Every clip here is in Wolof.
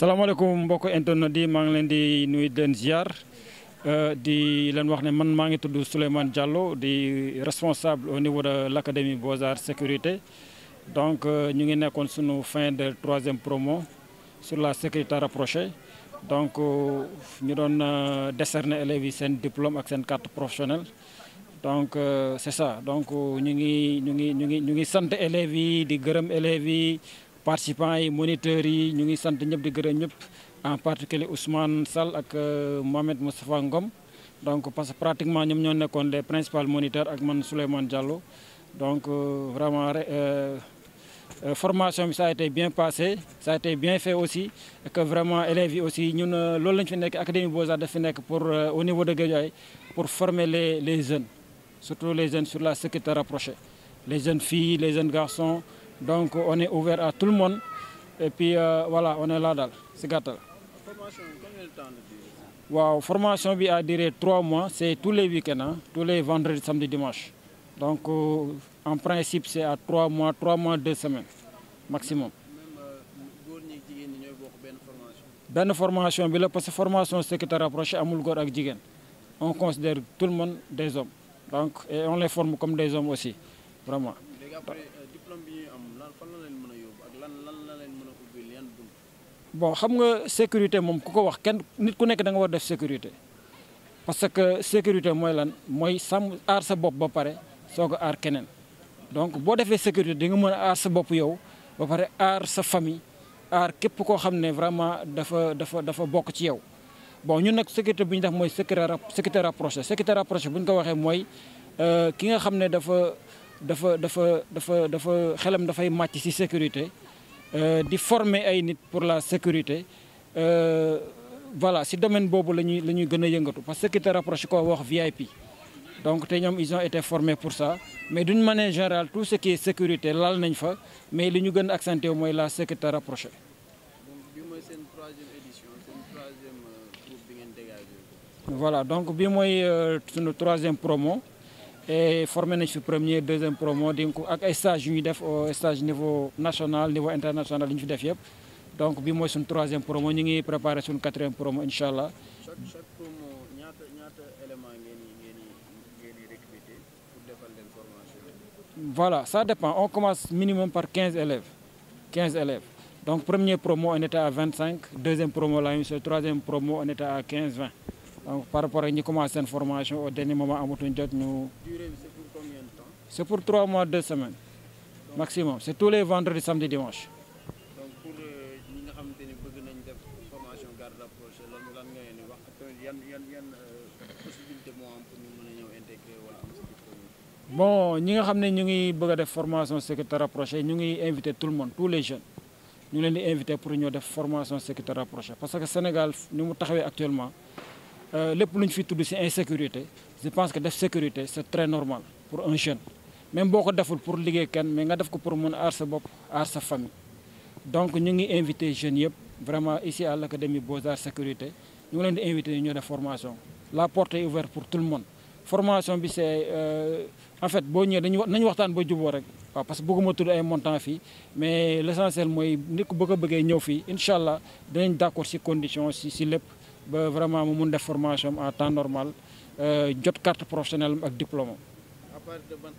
salaamaaleykum mbokk internet di maa ngi leen di nuyu di leen ziar euh, di leen wax ne man maa ngi tudd Souleymane Diallo di responsable au niveau de l' académie Beaux Arts sécurité donc euh, ñu ngi nekkoon sunu fin de troisième mois sur la sécurité rapprochée donc euh, ñu doon décerner élèves yi seen diplôme ak seen carte professionnelle donc c' ça donc ñu ngi ñu ngi ñu ngi ñu ngi sant élèves yi di gërëm élèves yi. participants yi moniteurs yi ñu ngi sant ñëpp di gërëm ñëpp en particulier Ousmane Sall ak euh, Mohamed Moustapha Ngom donc parce que pratiquement ñoom ñoo nekkoon les principaux moniteurs ak man Souleymane Diallo donc euh, vraiment euh, formation bi sa a été bien passé ça a été bien fait aussi et que vraiment élèves yi aussi ñun loolu lañu fi nekk académie Beaux-Arts fi nekk pour au niveau de Guédiawaye pour former les le jeunes surtout les jeunes sur la sécurité rapprochée les jeunes filles les jeunes garçons Donc on est ouvert à tout le monde. Et puis euh, voilà, on est là daal si gàttal. Formation waaw formation bi à duré trois mois c'est tous les week-ends tous les vendredis samedi dimanche donc euh, en principe c'est à trois mois trois mois deux semaines maximum. Euh, benn formation bi la parce que formation secrétaire rapproché amul góor ak jigéen on considère tout le monde des hommes donc et on les forme comme des hommes aussi vraiment. bon xam nga sécurité moom ku ko wax kenn nit ku nekk da nga war def sécurité parce que sécurité mooy lan mooy sàmm aar sa bopp ba pare soo ko aar keneen donc boo defee sécurité di nga mën a aar sa bopp yow ba pare aar sa famille aar képp koo xam ne vraiment dafa dafa dafa bokk ci yow bon ñun nag sécurité bu ñu def mooy sécurité rapproché sécurité rapproché bu ñu ko waxee mooy euh, ki nga xam ne dafa dafa dafa dafa dafa xelam dafay màcc ci sécurité euh, di former ay nit pour la sécurité euh, voilà ci domaine boobu la ñuy la ñuy gën a yëngatu parce que qui te ko wax VIP donc te ñoom ils ont été formés pour ça mais d'une manière générale tout ce sécurité laal nañ fa mais li ñu gën a accenté wu mooy la sécurité rapprochée. donc voilà donc bi mooy euh, sunu troisième promo. et formé nañ fi premier deuxième promo di ko ak ay stage yu def au stage niveau national niveau international yu ñu fi def yëpp donc bi mooy suñu troisième promo ñu ngi préparé suñu quatrième promo incha allah. chaque voilà ça dépend on commence minimum par quinze élèves quinze élèves donc premier promo on était à vingt cinq deuxième promo la même chose troisième promo on était à quinze vingt. donc par rapport ak ñi commencé seen formation au dernier moment amatuñ jot ñu. c'est pour trois mois deux semaines maximum c'est tous les vendredis samedi dimanche. donc pour euh, ñi nga xamante ni bëgg nañ def formation garde rapprochée lan lan nga leen di wax ak tamit yan euh, ñu bon ñi nga xam ne ñu ngi bëgg a def formation secrétaire rapproché ñu ngi invité tout le monde tous les jeunes ñu leen di invité pour ñoo def formation secrétaire rapproché parce que Sénégal ñu mu taxawee actuellement. Euh, lépp lu ñu fi tudd ci insécurité je pense que def sécurité c'est très normal pour un jeune même boo ko deful pour liggéey kenn mais nga def ko pour mën a aar sa bopp aar sa famille donc ñu ngi invité jeunes yëpp vraiment ici à l'académie Beaux-Arts sécurité ñu ngi leen di invité ñu ñoo def formation la porté est pour tout le monde formation bi c'est euh, en fait boo ñëwee dañu nañu waxtaan ba juboo rek waaw parce que bëgguma tudd ay montant fii mais l'essentiel mooy nit ku bëgg a bëggee ñëw allah dinañ d'accord ci condition ci ci lépp ba vraiment mu mun def formation en temps normal euh, jot carte professionnelle ak diplôme à partir de ban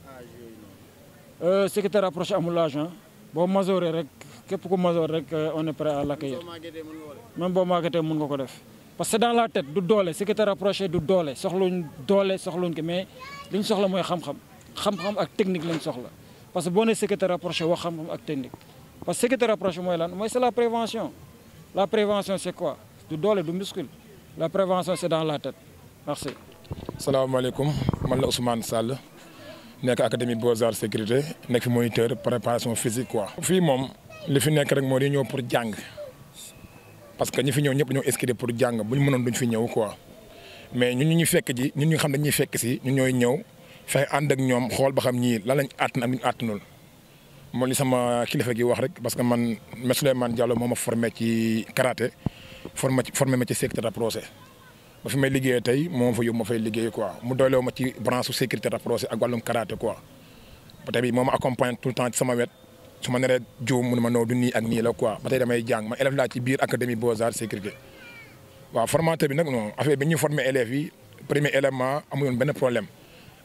âge euh, boo majoré rek képp ku majoré rek euh, on est boo màggatee mun nga ko def. parce que dans la tête du doole secrétaire approché du doole soxluñ doole soxluñ ko mais li ñu soxla mooy xam-xam xam-xam ak technique lañ soxla parce que boo nee secrétaire approché wax xam-xam ak technique. parce que secrétaire approché mooy lan mooy c'est la prévention la prévention c'est quoi du doole du muscle. la prévention c'est dans la tête merci. salaamaaleykum man la Ousmane Sall nekk académie Beaux Arts sécurité nekk fi moniteur préparation physique quoi. fii moom li fi nekk rek moo di ñëw pour jàng parce que ñi fi ñëw ñëpp ñoo inscrire pour jàng bu ñu mënoon duñ fi ñëw quoi mais ñun ñu ñu fekk ji ñun ñu xam dañuy fekk si ñun ñooy ñëw fexe ànd ak ñoom xool ba xam ñii lan lañ àttan ak ñu àttanul mooy li sama kilifa gi wax rek parce que man Me man Diallo moom ma formé ci karaté. formé ma ci secrétaire projet ba fi may liggéeyee tey moom fa yóbbu ma fay liggéey quoi mu doyloo ma ci branche su secrétaire projet ak wàllum karaté quoi ba tey bi accompagne tout le temps ci sama wet su ma neree juum mu ne ma noo nii ak nii la quoi ba tey damay jàng ma élève laa ci biir académie beaux arts sécurité waaw formateur bi nag non affaire ñu formé élèves yi premier élément amuñu benn problème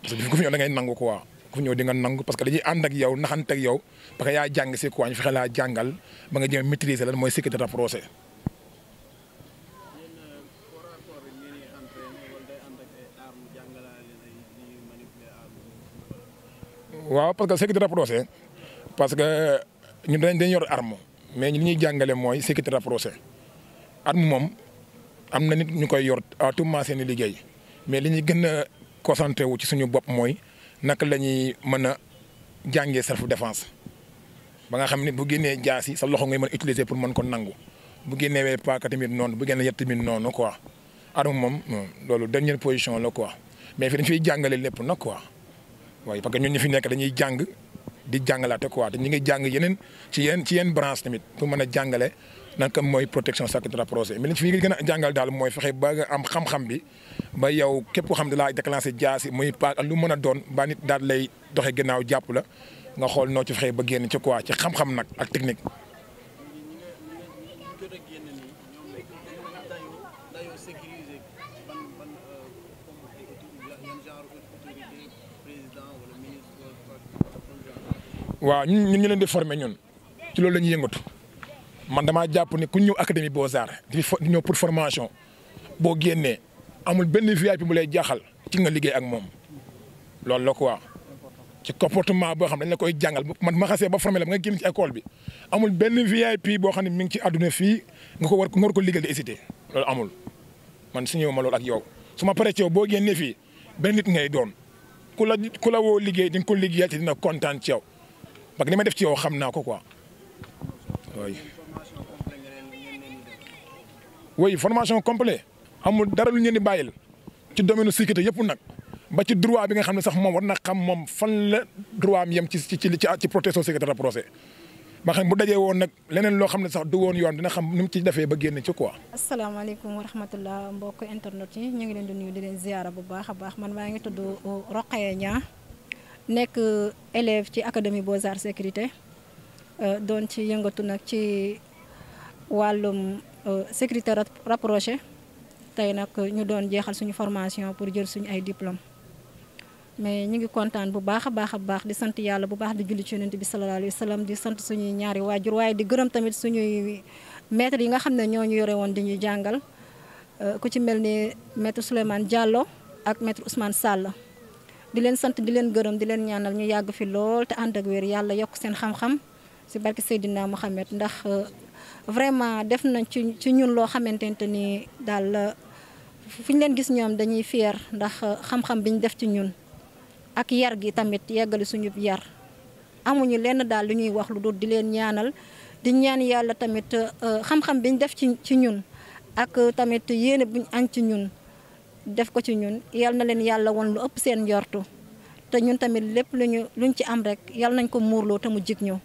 parce que ku fi ñëw da ngay nangu quoi fi ñëw que dañuy ànd ak yow naxante ak yow parce que yaa jàngal ba nga jëm maîtriser lan mooy sécurité rapprochée waaw parce que sécurité rapprochée parce que ñun dañ dañ yor armo mais li ñuy jàngale mooy sécurité rapprochée arme moom am na nit ñu koy yor à tout seeni liggéey mais li ñuy gën a concentré wu ci suñu bopp mooy naka la ñuy mën a jàngee self défense ba nga xam ni bu génnee jaas yi sa loxo ngi mën utiliser pour mën ko nangu bu génnewee paaka tamit noonu bu génne yett tamit noonu quoi arme moom loolu dernière position la quoi mais fi dañ fiy jàngale lépp nag quoi. waaye parce que ñun ñu fi nekk dañuy jàng di jàngalaate quoi te ñu ngi jàng yeneen ci yeneen ci yeneen branche tamit pour mën a jàngale naka mooy protection secteur projet mais liñ fi gën a jàngal daal mooy fexe ba nga am xam-xam bi ba yow képp koo xam ne laa déclenché jaasi muy pa lu mën a doon ba nit daal lay doxe ginnaaw jàpp la nga xool noo ci fexe ba génn ci quoi ci xam-xam nag ak technique. waaw ñun ñun ñu leen di former ñun ci loolu la ñuy yëngatu man damaa jàpp ni ku ñëw académie Beaux-Arts di ñëw pour formation boo génnee amul benn VIP bu lay jaaxal ci nga liggéey ak moom loolu la quoi. ci boo xam ne dañ la koy jàngal man ma ba formé la ba nga génn ci école bi amul benn VIP boo xam ne mi ngi ci àdduna fii nga ko war nga war ko liggéeyal di hésité loolu amul man si ñëw ma loolu ak yow su ma paree ci boo génnee fii benn nit ngay doon. ku la ku la woo liggéey di nga ko liggéeyal te dina kontaan ci yow parce que ma def ci yow xam naa ko ko oui. oui formation complète amul dara lu ñu leen di bàyyil ci domaine sécurité yëpp nag ba ci droit bi nga xam ne sax moom war na xam moom fan la droit am yem ci ci ci protection sécurité procès ba xam bu dajee woon nag leneen loo xam ne sax du woon yoon dina xam ni mu ci defee ba génn ci quoi. asalaamaaleykum wa rahmatullah mbokk internet yi ñu ngi leen di nuyu di leen ziyaara bu baax a baax man maa ngi tudd uh, Roqaya Niang nekk uh, élève ci académie Beaux-Arts sécurité uh, doon ci yëngatu nag ci wàllum sécurité rapproché tey nag ñu doon jeexal suñu formation pour jël suñu ay diplôme mais ñu ngi kontaan bu baax a baax a baax di sant yàlla bu baax di julli ci yonent bi sallallahu alayhi wa di sant suñuy ñaari waajur waaye di gërëm tamit suñuy maîtres yi nga xam ne ñoo ñu yore woon di ñuy jàngal euh, ku ci mel ni maître Souleymane Diallo ak maître Ousmane Sall. di leen sant di leen gërëm di leen ñaanal ñu yàgg fi lool te ànd ak wér yàlla yokk seen xam-xam ci barke Seydina Mohamed ndax euh, vraiment def nañ ci ci ñun loo xamante ni daal euh, fu ñu leen gis ñoom dañuy fier ndax xam-xam def ci ñun. ak yar gi tamit yeggali suñu yar amuñu lenn daal lu ñuy wax lu dul di leen ñaanal di ñaan yàlla tamit euh, xam-xam biñ def ci ci ñun ak tamit yéene buñ añ ci ñun def ko ci ñun yal na leen yàlla won lu ëpp seen yortu te ñun tamit lépp luñu luñ ci am rek yal nañ ko muurloo te mu jig ñëw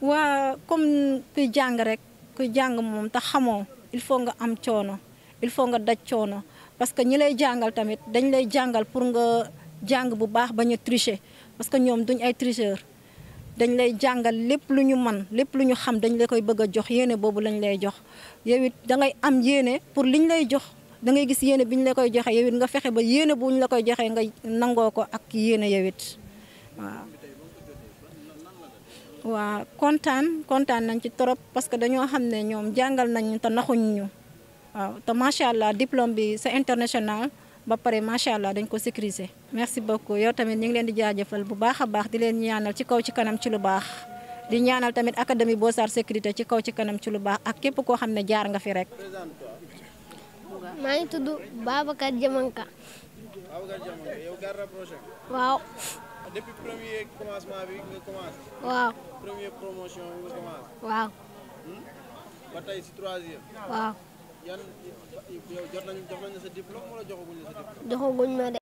waaw comme kuy jàng rek kuy jàng moom te xamoo il faut nga am coono il faut nga daj coono parce que ñi lay jàngal tamit dañ lay jàngal pour nga jàng bu baax ba ñu tricher parce que ñoom duñ ay tricheur dañ lay jàngal lépp lu ñu mën lépp lu ñu xam dañ la koy bëgg a jox yéene boobu lañ lay jox yow it da ngay am yéene pour liñ lay jox da ngay gis yéene bi ñu la koy joxe yow nga fexe ba yéene bu ñu la koy joxee nga nangoo ko ak yéene yow it waaw. kontaan kontaan nañ ci trop parce que dañoo xam ne ñoom jàngal nañ te naxuñ ñu waaw te macha allah diplôme bi sa international ba pare macha allah dañ ko sécuriser. merci beaucoup yow tamit ñu ngi leen di jaajëfal bu baax a baax di leen ñaanal ci kaw ci kanam ci lu baax di ñaanal tamit académie Beaux-Arts sécurité ci kaw ci kanam ci lu baax ak képp koo xam ne jaar nga fi rek. ngi tudd Babacar Diamanka. waaw. depuis yan yow jot nañu jox nañu sa diplôme wala joxaguñ la sa diplôme. joxaguñ ma de.